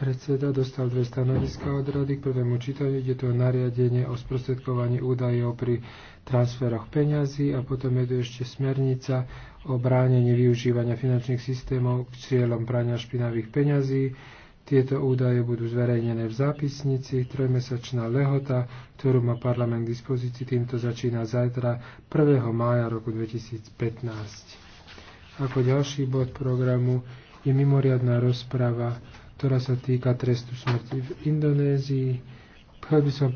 Predseda dostal dve stanoviska od rady k prvému čítaniu, je to nariadenie o sprostredkovaní údajov pri transferoch peňazí a potom je tu ešte smernica o bránení využívania finančných systémov k cieľom prania špinavých peňazí. Tieto údaje budú zverejnené v zápisnici. Trojmesačná lehota, ktorú má parlament k dispozícii, týmto začína zajtra 1. mája roku 2015. Ako ďalší bod programu je mimoriadná rozprava ktorá sa týka trestu smrti v Indonézii. Chcel by som